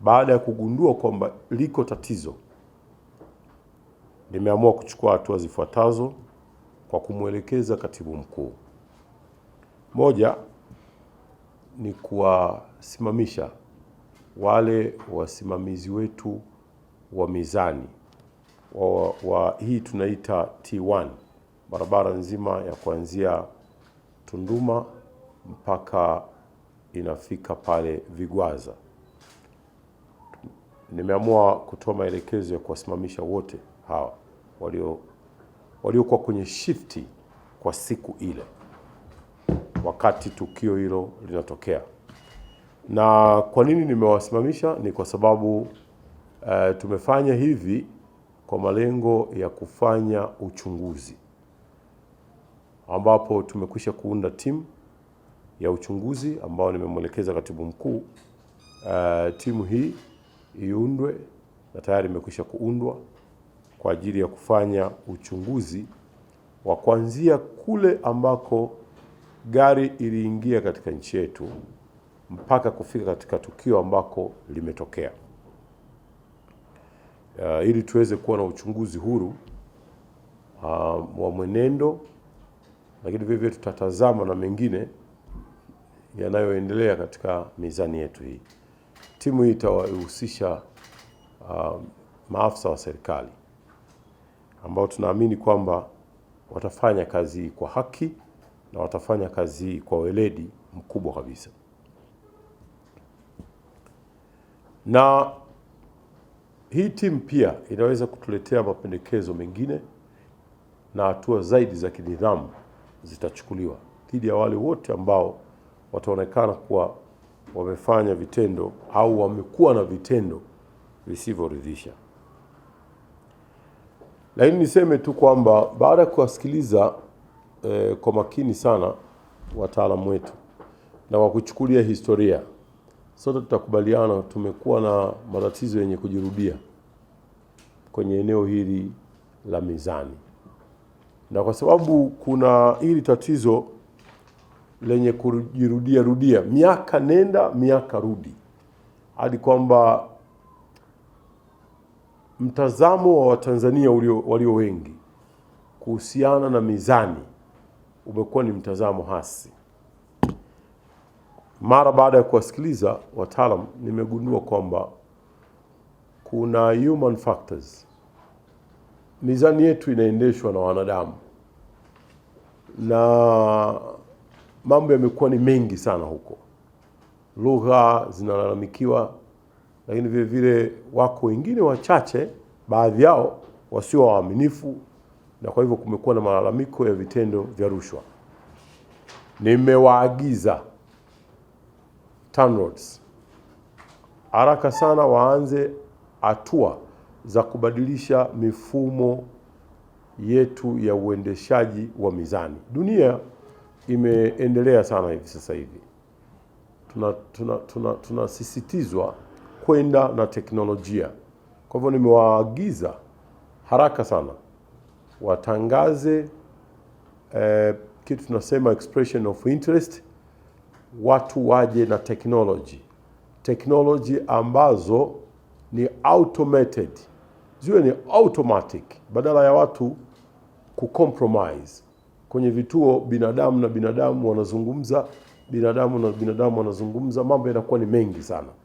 baada ya kugundua kwamba liko tatizo, nimeamua kuchukua hatua zifuatazo kwa kumwelekeza katibu mkuu. Moja ni kuwasimamisha wale wasimamizi wetu wa mizani wa, wa hii tunaita T1 barabara nzima ya kuanzia Tunduma mpaka inafika pale Vigwaza nimeamua kutoa maelekezo ya kuwasimamisha wote hawa walio waliokuwa kwenye shifti kwa siku ile wakati tukio hilo linatokea. Na kwa nini nimewasimamisha? Ni kwa sababu uh, tumefanya hivi kwa malengo ya kufanya uchunguzi, ambapo tumekwisha kuunda timu ya uchunguzi ambao nimemwelekeza katibu mkuu uh, timu hii iundwe na tayari imekwisha kuundwa kwa ajili ya kufanya uchunguzi wa kuanzia kule ambako gari iliingia katika nchi yetu mpaka kufika katika tukio ambako limetokea. Uh, ili tuweze kuwa na uchunguzi huru uh, wa mwenendo, lakini vile vile tutatazama na mengine yanayoendelea katika mizani yetu hii. Timu hii itawahusisha uh, maafisa wa serikali ambao tunaamini kwamba watafanya kazi hii kwa haki na watafanya kazi hii kwa weledi mkubwa kabisa. Na hii timu pia inaweza kutuletea mapendekezo mengine na hatua zaidi za kinidhamu zitachukuliwa dhidi ya wale wote ambao wataonekana kuwa wamefanya vitendo au wamekuwa na vitendo visivyoridhisha. Lakini niseme tu kwamba baada ya kuwasikiliza eh, kwa makini sana wataalamu wetu na kwa kuchukulia historia, sote tutakubaliana tumekuwa na matatizo yenye kujirudia kwenye eneo hili la mizani, na kwa sababu kuna hili tatizo lenye kujirudia rudia miaka nenda miaka rudi, hadi kwamba mtazamo wa Watanzania walio wengi kuhusiana na mizani umekuwa ni mtazamo hasi. Mara baada ya kuwasikiliza wataalam, nimegundua kwamba kuna human factors. Mizani yetu inaendeshwa na wanadamu na mambo yamekuwa ni mengi sana huko, lugha zinalalamikiwa, lakini vile vile wako wengine wachache, baadhi yao wasio waaminifu, na kwa hivyo kumekuwa na malalamiko ya vitendo vya rushwa. Nimewaagiza TANROADS haraka sana waanze hatua za kubadilisha mifumo yetu ya uendeshaji wa mizani dunia imeendelea sana hivi sasa hivi. Tunasisitizwa tuna, tuna, tuna kwenda na teknolojia. Kwa hivyo nimewaagiza haraka sana watangaze eh, kitu tunasema expression of interest, watu waje na technology technology ambazo ni automated, ziwe ni automatic badala ya watu kucompromise kwenye vituo binadamu na binadamu wanazungumza, binadamu na binadamu wanazungumza, mambo yanakuwa ni mengi sana.